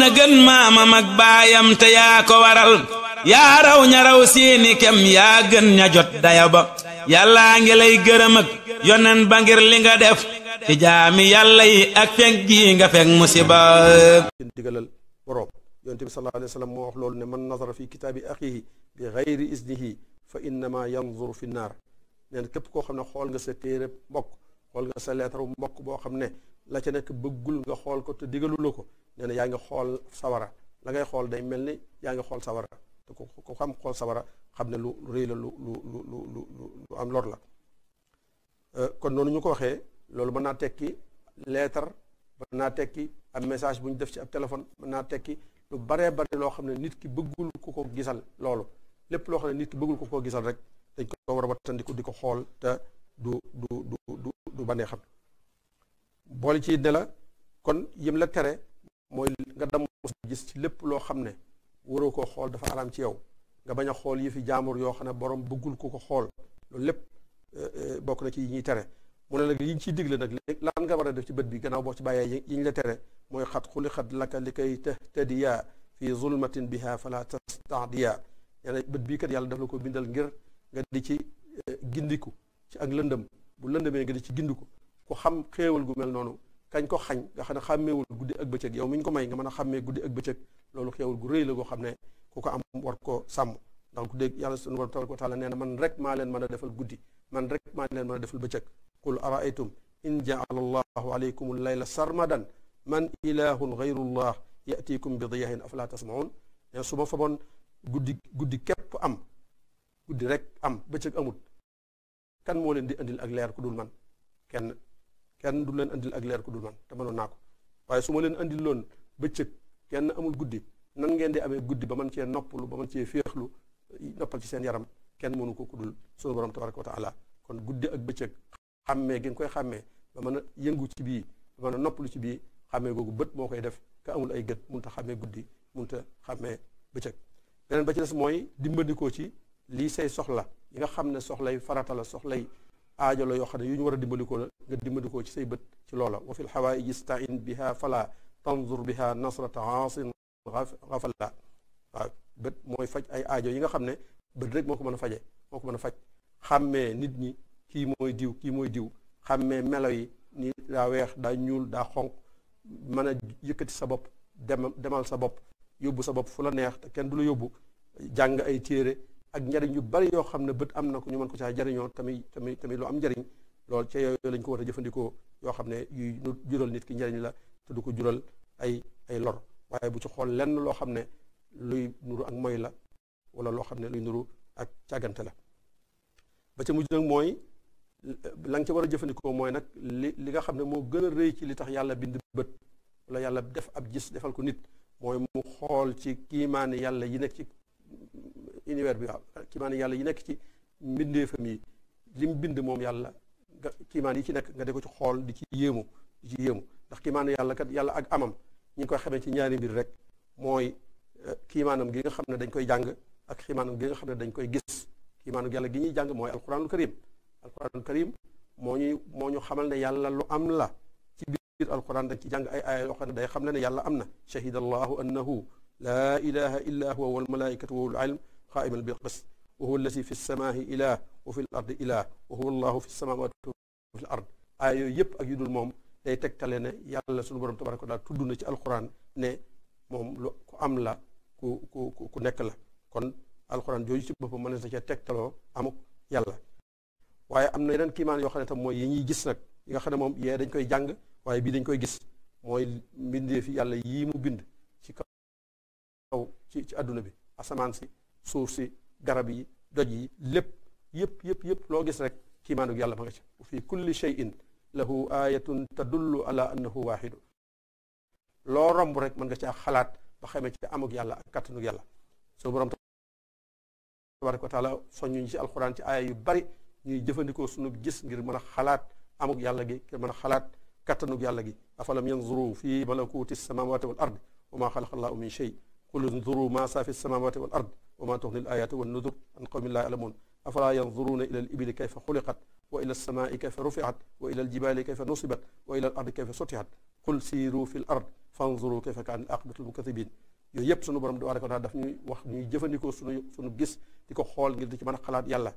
na gën maamam mag baayam te yaa ko waral yaa raw ña raw seeni kem yaa gën ña jot daya ba yàllaa ngi lay gërëm ak yonen ba ngir li nga def ci jaami yàlla yi ak fenk gii nga fekk musiba digalal borom yonent bi sallallahu alayhi wa sallam moo wax loolu ne man nazara fi kitaabi axihi bi xayri isnihi fa innama yanzuru fi naar nee na képp koo xam ne xool nga sa téere mbokk xool nga sa leetaru mbokk boo xam ne la ca nekk bëggul nga xool ko te digalu ko nee na yaa ngi xool sawara la ngay xool day mel ni yaa ngi xool sawara te ku xam xool sawara xam ne lu rëy la lu lu lu lu lu am lor la euh, kon noonu ñu ko waxee loolu mën naa tekki leetar mën naa tekki ab message bu ñu def ci ab téléphone mën naa tekki lu baree bare loo xam ne nit ki bëggul ku ko gisal loolu lépp loo xam ne nit ki bëggul ku ko gisal rek dañ ko war a wattandiku di ko xool te du du du du xam bool ci ne kon yëm la tere mooy nga damm gis ci lépp loo xam ne waroo koo xool dafa alam ci yow nga bañ a xool yi fi jaamur yoo xam ne borom bëggul ko ko xool loolu lépp euh, euh, bokk na ci yi ñuy tere mu ne nag yi ñu ciy digle nag léegi lan nga war a def ci bët bi gannaaw boo ci bàyyee yi ñu la tere mooy xat xuli xat laka li kay tahtadiya fi zulmatin biha fala tastadiya nee na bët bii kat yàlla daf la ko bindal ngir nga di ci euh, gindiku ci ak lëndëm bu lëndëmee di ci gindiku ku xam xéewal gu mel noonu kañ ko xañ nga xam ne xàmmeewul guddi ak bëccëg yow mi ñu ko may nga mën a xàmmee guddi ak bëcëg loolu xéewal gu rëy la goo xam ne ku ko am war ko sàmm ndax ku yàlla sunu borom tabaraka wa taala nee na man rek maa leen mën a defal guddi man rek maa leen mën a defal bëccëg qul araaytum in jaala allahu aleykum layla sarmadan man ilahun gayrullah yatikum bi diyahin afala tasmaun ne su ma faboon guddi guddi képp am guddi rek am bëccëg amut kan moo leen di andil ak leer ku dul man kenn du leen indil ak leer ku dul man te mënoon naa ko waaye su ma leen andil loon bëccëg kenn amul guddi nan ngeen di amee guddi ba man cee noppalu ba man cee féexlu noppal ci seen yaram kenn mënu ko kuddul dul sunu borom tabaraka wa taala kon guddi ak bëccëg xàmmee gi nga koy xàmmee ba mën a yëngu ci bii ba mën a noppalu ci bii xàmmee googu bët moo koy def ka amul ay gët mënut a xàmmee guddi mënut a xàmmee bëccëg beneen ba ci des mooy dimbandikoo ci lii say soxla yi nga xam ne soxlay farata la soxlay aajo la yoo xam ne yu ñu war a dimbalikoo la nga dimbalikoo ci say bët ci loola wa fi lxawaaiji stain biha fala tanzur biha nasrata aasin xafala waaw bët mooy faj ay aajo yi nga xam ne bët rek moo ko mën a faje moo ko mën a faj xàmmee nit ñi kii mooy diw kii mooy diw xàmmee melo yi ni daa weex daa ñuul daa xonq mën a yëkkati sa bopp dem demal sa bopp yóbbu sa bopp fu la neex te kenn du la yóbbu jàng ay téere ak njariñ yu bari yoo xam ne bët am na ko ñu mën ko caa jariñoo tamit tamit tamit lu am njariñ lool ca yooyu lañ ko war a jëfandikoo yoo xam ne yuy nit ki njariñ la te du ko jural ay ay lor waaye bu ci xool lenn loo xam ne luy nuru ak moy la wala loo xam ne luy nuru ak càggante la ba ca mujj nag mooy lang ci ca war a jëfandikoo mooy nag li nga xam ne moo gën a rëy ci li tax yàlla bind bët wala yàlla def ab gis defal ko nit mooy mu xool ci kiimaani yàlla yi nekk ci univers bi waaw kiimaan yàlla yi nekk ci mbindeefam yi lim bind moom yàlla nga kiimaan yi ci nekk nga di ko ci xool di ci yéemu di ci yéemu ndax kiimaan yàlla kat yàlla ak amam ñi ngi koy xamee ci ñaari mbir rek mooy eh, kiimaanam gi nga xam ne dañ koy jàng ak kiimaanam gi nga xam ne dañ koy gis kiimaanam yàlla gi ñuy jàng mooy alquranul karim alquranul karim moo ñuy moo ñu xamal ne yàlla lu am la ci biir alquran dañ ci jàng ay aaya xam ne day xam ne ne yàlla am na shahida allahu annahu laa ilaha illa wal malaikatu qaaiman bil qist wa huwa alladi fi lsamaahi ilah wa fi l ardi ilah wa huwa allahu fi lsamawati wa fi ard aaya yooyu yëpp ak yu dul moom day tegtale ne yàlla suñu borom tabaraka taala tudd na ci alquran ne moom lu ko am la ku ku ku nekk la kon alquran jooju ci boppam mën na sa ca tegtaloo amuk yàlla waaye am na yeneen kiimaan yoo xam ne tam mooy yi ñuy gis nag yi nga xam ne moom yee dañ koy jàng waaye bii dañ koy gis mooy mbindee fi yàlla yii mu bind ci ci àdduna bi asamaan si suuf si garab yi doj yi lépp yëpp yëpp yëpp loo gis rek kiimaanug yàlla ma nga ca wa fi kulli cheyin lahu aayatun tadullu ala annahu waaxidu loo romb rek mën nga caa xalaat ba xamee ci amug yàlla ak kattanug yàlla sunu borom tabaraka wa taala soññu ci alxuraan ci aaya yu bari ñuy jëfandikoo sunub gis ngir mën a xalaat amug yàlla gi ngir mën a xalaat kattanug yàlla gi afalam yanzuru fi malakuti samawati wal ard wa ma xalaqa allahu min shay qul unzuru ma saa fi wa maa tuxni l ayaatu wa nudur an qawmin laa yalamuun afalaa yanzuruuna ila l ibili kayfa xuliqat wa ila alsamaai kayfa rufiat wa ila aljibaali kayfa nusibat wa ila al ardi kayfa sutihat qul siiru fi l ard fanzuru kayfa kaana aqibatu lmukazibin yooyu yépp sunu borom tabaraka wa taala daf ñuy wax ñuy jëfandikoo sunu sunu gis di ko xool ngir di ci mën a xalaat yàlla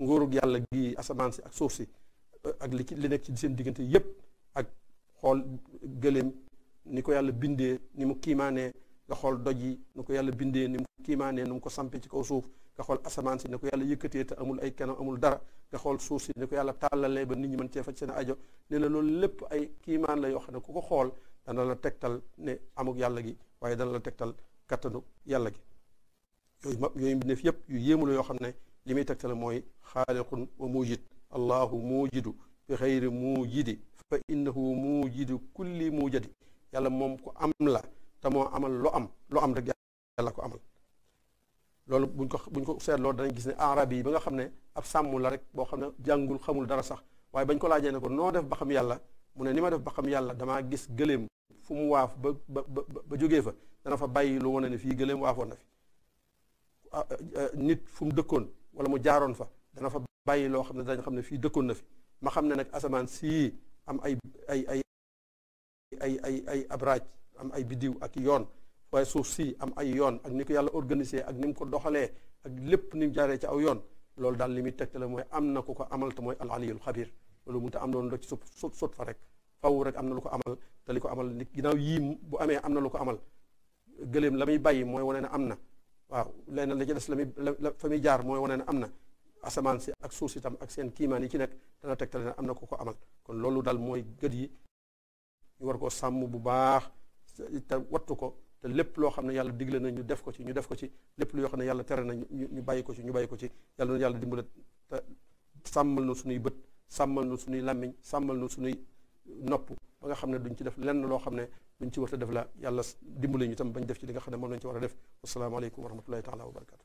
nguurug yàlla gi asamaan si ak suuf si ak li ci li nekk ci seen diggante yépp ak xool gëléem ni ko yàlla bindee ni mu kiimaanee nga xool doj yi nu ko yàlla bindee ni mu kiimaanee nu mu ko sampe ci kaw suuf nga xool asamaan si ni ko yàlla yëkkatee te amul ay kanam amul dara nga xool suuf si ni ko yàlla tàllalee ba nit ñi man cee faj seen ajo nee na loolu lépp ay kiimaan la yoo xam ne ku ko xool dana la tegtal ne amuk yàlla gi waaye dana la tegtal kattanu yàlla gi yooyu ma yooyu mbindeef yépp yu yéemu la yoo xam ne li muy tegtal mooy xaaliqun wa mujid allahu mujidu bi xayri mujidi fa innahu mujidu kulli mujadi yàlla moom ku am la te moo amal lu am lu am rek la ko amal loolu buñ ko buñ ko seetloo danañ gis ne arabi yi ba nga xam ne ab sàmm la rek boo xam ne jàngul xamul dara sax waaye bañ ko laajee ne ko noo def ba xam yàlla mu ne ni ma def ba xam yàlla damaa gis gëléem fu mu waaf ba ba ba jógee fa dana fa bàyyi lu wane ne fii gëléem waafoon na fi nit fu dëkkoon wala mu jaaroon fa dana fa bàyyi loo xam ne dañ xam ne fii dëkkoon na fi ma xam ne nag asamaan sii am ay ay am ay biddiw ak yoon waaye suuf si am ay yoon ak ni ko yàlla organisé ak ni mu ko doxalee ak lépp ni mu jaaree ci aw yoon loolu daal li muy tegtale mooy am na ku ko amal mooy al aliyul xabir loolu mënut a am loolu rek ci sut rek faw rek am na lu ko amal te li ko amal ni ginnaaw yii bu amee am na lu ko amal gëléem la muy bàyyi mooy wane ne am na waaw leneen la ci des la muy la fa muy jaar mooy wane ne am na asamaan si ak suuf si tam ak seen kiimaan yi ci nekk dana tegtale ne am na ku ko amal kon loolu daal mooy gët yi ñu war koo sàmm bu baax te wattu ko te lépp loo xam ne yàlla digle na ñu def ko ci ñu def ko ci lépp lu yoo xam ne yàlla tere na ñu bàyyi ko ci ñu bàyyi ko ci yàlla na yàlla dimbale te sàmmal na suñuy bët sàmmal na suñuy làmmiñ sàmmal su suñuy nopp ba nga xam ne duñ ci def lenn loo xam ne duñ ci war a def la yàlla dimbale ñu tam bañ def ci li nga xam ne moom lañ ci war a def wasalaamaaleykum wa rahmatullahi taala wa barakatu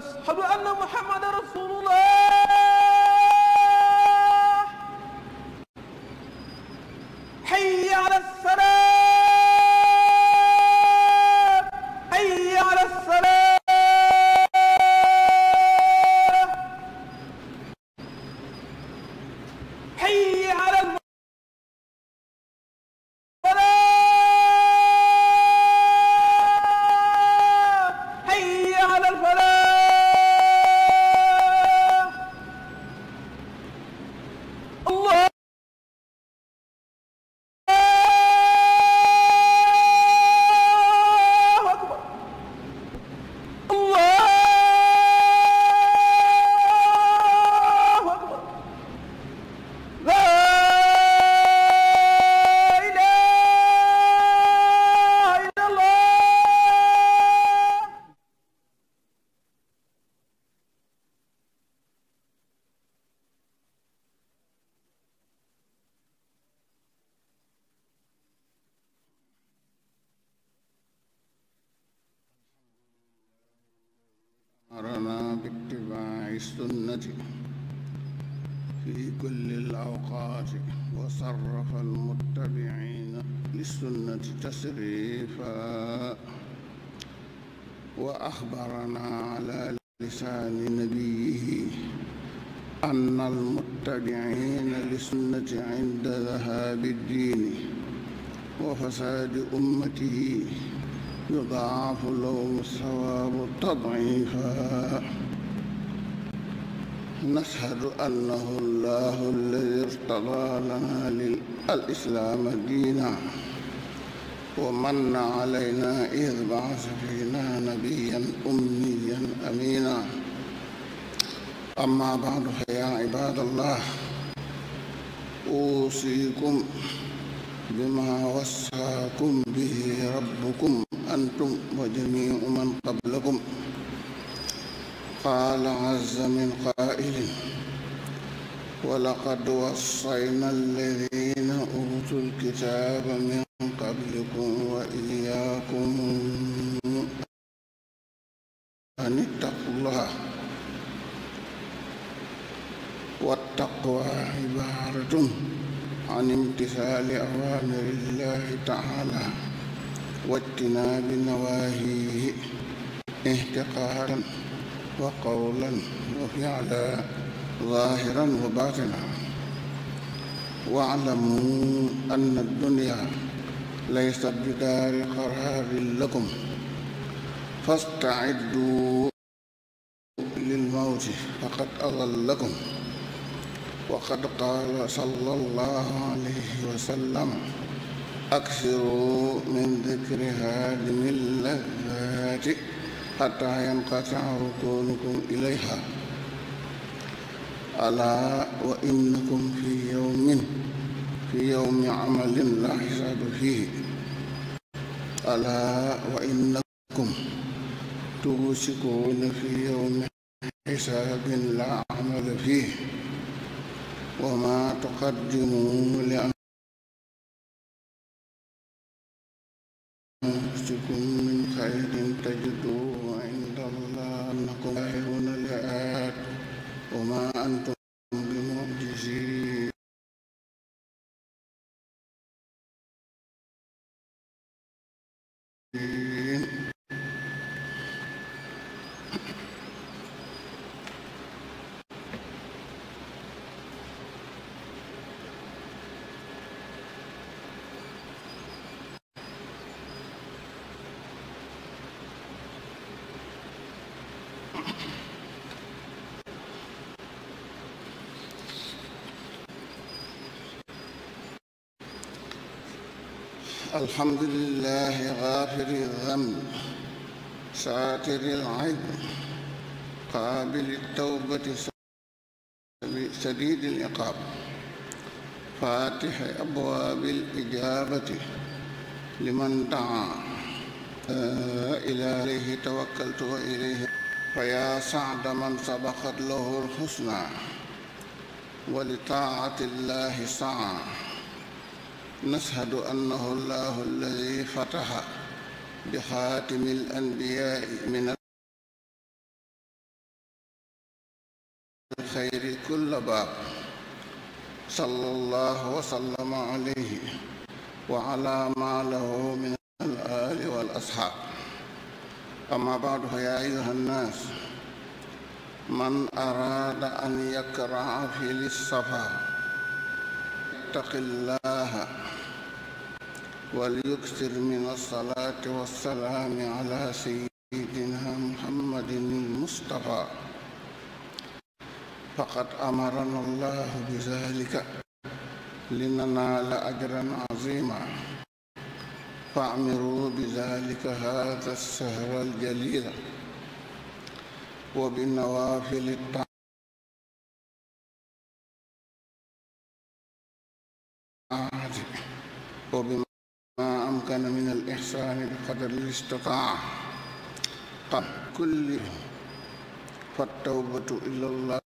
ashhadu anna muhammadan rasulullah وشان نبيه أن المتبعين للسنة عند ذهاب الدين وفساد أمته يضاعف لهم الثواب تضعيفا نشهد أنه الله الذي ارتضى لنا الإسلام دينا ومن علينا إذ بعث فينا نبيا أميا أمينا أما بعد فيا عباد الله أوصيكم بما وصاكم به ربكم أنتم وجميع من قبلكم قال عز من قائل ولقد وصينا الذين أوتوا الكتاب من قبلكم وإياكم أن اتقوا الله صددتم عن امتثال أوامر الله تعالى واجتناب نواهيه احتقارا وقولا وفعلا ظاهرا وباطنا واعلموا أن الدنيا ليست بدار قرار لكم فاستعدوا للموت فقد أضلكم waqad qaala sallallahu alayhi wa sallam aksiru min dikri haadimi llazzaati xataa yanqatia rukoonukum ilayha alaa wa innakum fi yawmin fi yawmi amalin laa xisaaba fiihi alaa wa innakum tubsikuuna fi yawmi xisaabin laa amala fiihi وما تقدموا لأنفسكم من خير تجدوه الحمد لله غافر الذنب ساتر العيب قابل التوبة سديد العقاب فاتح أبواب الإجابة لمن دعا إليه توكلت وإليه فيا سعد من سبقت له الحسنى ولطاعة الله سعى نشهد أنه الله الذي فتح بخاتم الأنبياء من الخير كل باب صلى الله وسلم عليه وعلى ما له من الآل والأصحاب أما بعد فيا أيها الناس من أراد أن يكرع في للصفا يتق الله وليكثر من الصلاة والسلام على سيدنا محمد المصطفى فقد أمرنا الله بذلك لننال أجرا عظيما فاعمروا بذلك هذا السهر الجليل وبالنوافل الطعام وبما أمكن من الإحسان بقدر الاستطاعة قد كل فالتوبة إلى الله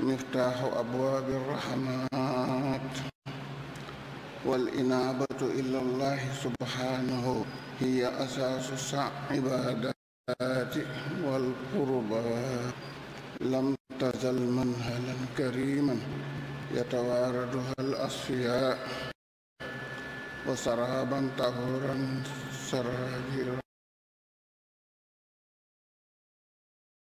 مفتاح أبواب الرحمات والإنابة إلى الله سبحانه هي أساس العبادات والقربات لم تزل منهلا كريما يتواردها الأصفياء وسرابا طهورا سرابيرا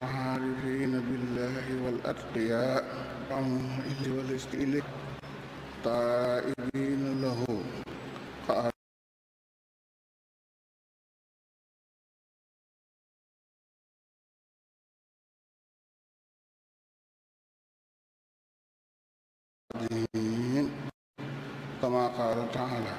عارفين بالله والأتقياء عن والإليه طائبين له الضالين كما قال تعالى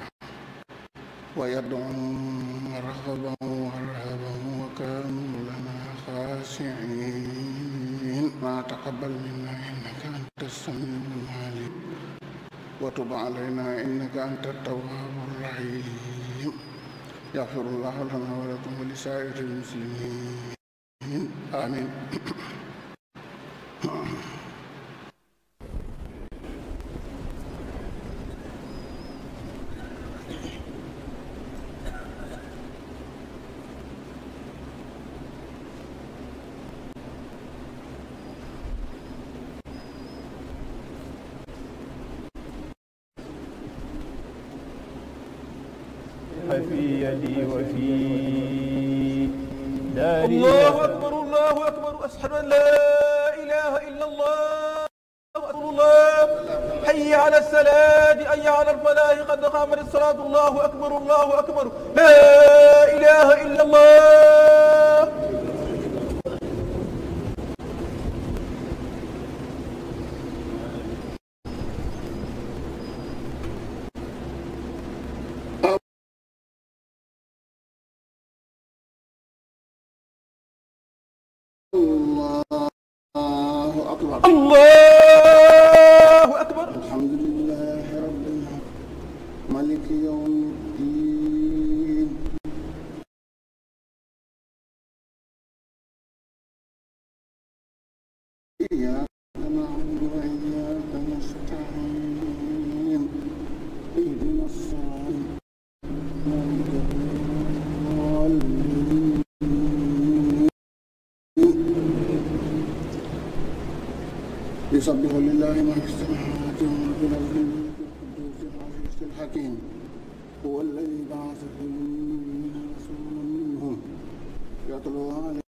ويدعون رغبا ورهبا وكانوا لنا خاشعين ما تقبل منا انك انت السميع العليم وتب علينا انك انت التواب الرحيم يغفر الله لنا ولكم ولسائر المسلمين امين في يدي وفي داري الله أكبر الله أكبر أشهد أن لا إله إلا الله أكبر الله حي على السلاد أي على الفلاح قد قامت الصلاة الله أكبر الله أكبر لا إله إلا الله الله أكبر الله warahmatullahi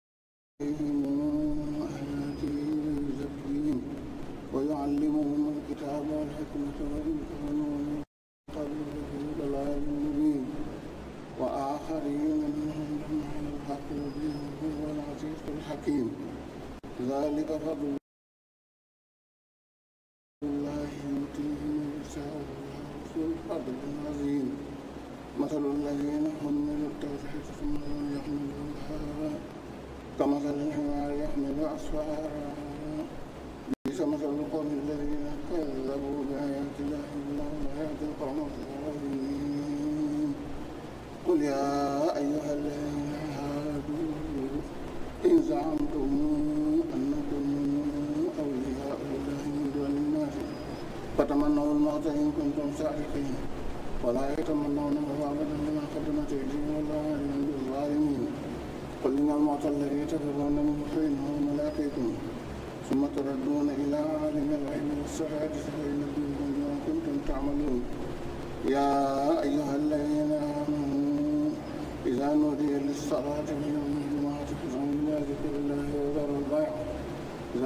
زعمتم أنكم أولياء الله من دون الناس فتمنوا الموت إن كنتم صادقين ولا يتمنونه أبدا بما قدمت أيديهم والله عليم بالظالمين قل إن الموت الذي تفرون منه فإنه ملاقيكم ثم تردون إلى عالم الغيب والشهادة فينبئكم بما كنتم تعملون يا أيها الذين آمنوا إذا نودي للصلاة من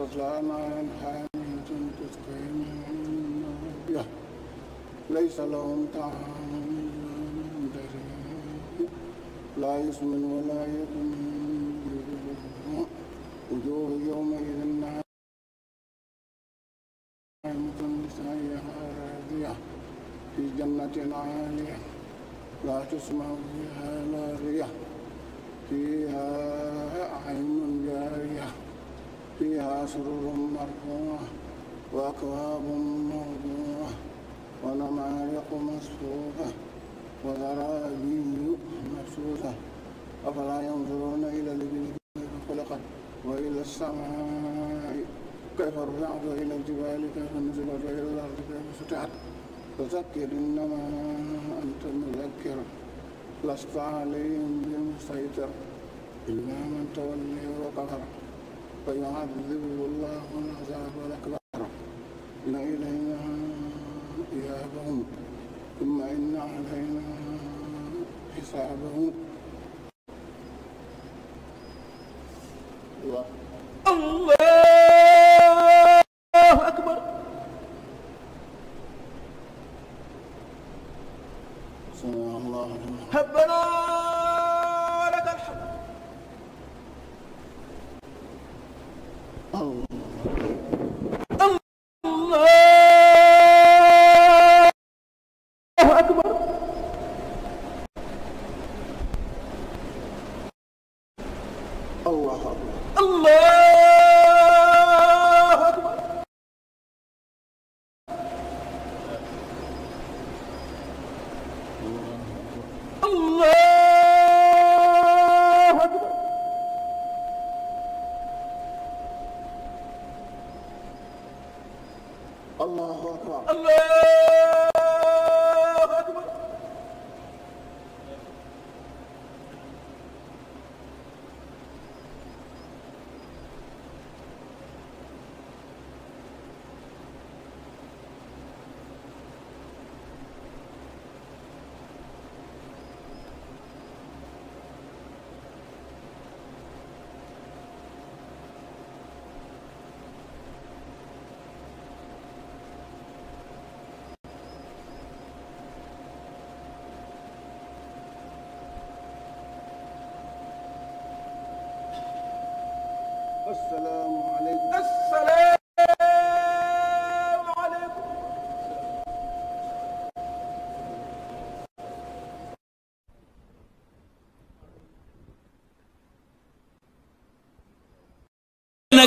تتلى ما أنحانهم تسقيهم مما ليس لهم طعام لا يسمن ولا يكن وجوه يومئذ ناعمة سعيها راضية في جنة عالية لا تسمع فيها لاغية فيها عين جارية فيها سرر مرفوعة وأكواب موضوعة ونمارق مصفوفة وزرابي مبسوطة أفلا ينظرون إلى الإبل كيف خلقت وإلى السماء كيف رفعت وإلى الجبال كيف نزلت وإلى الأرض كيف سطحت فذكر إنما أنت مذكر لست عليهم بمسيطر إلا من تولي وكفر فيعذبه الله العذاب الأكبر إلى إلينا إيابهم ثم إن علينا حسابهم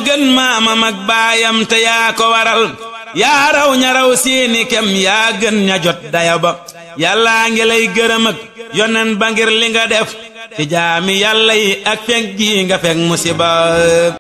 gën maamam ak baayam te yaa ko waral yaa raw ña raw seeni kem yaa gën ña jot daya ba yàllaa ngi lay gërëm ak yonen ba ngir li nga def ci jaami yàlla yi ak fekk gi nga fekk musiba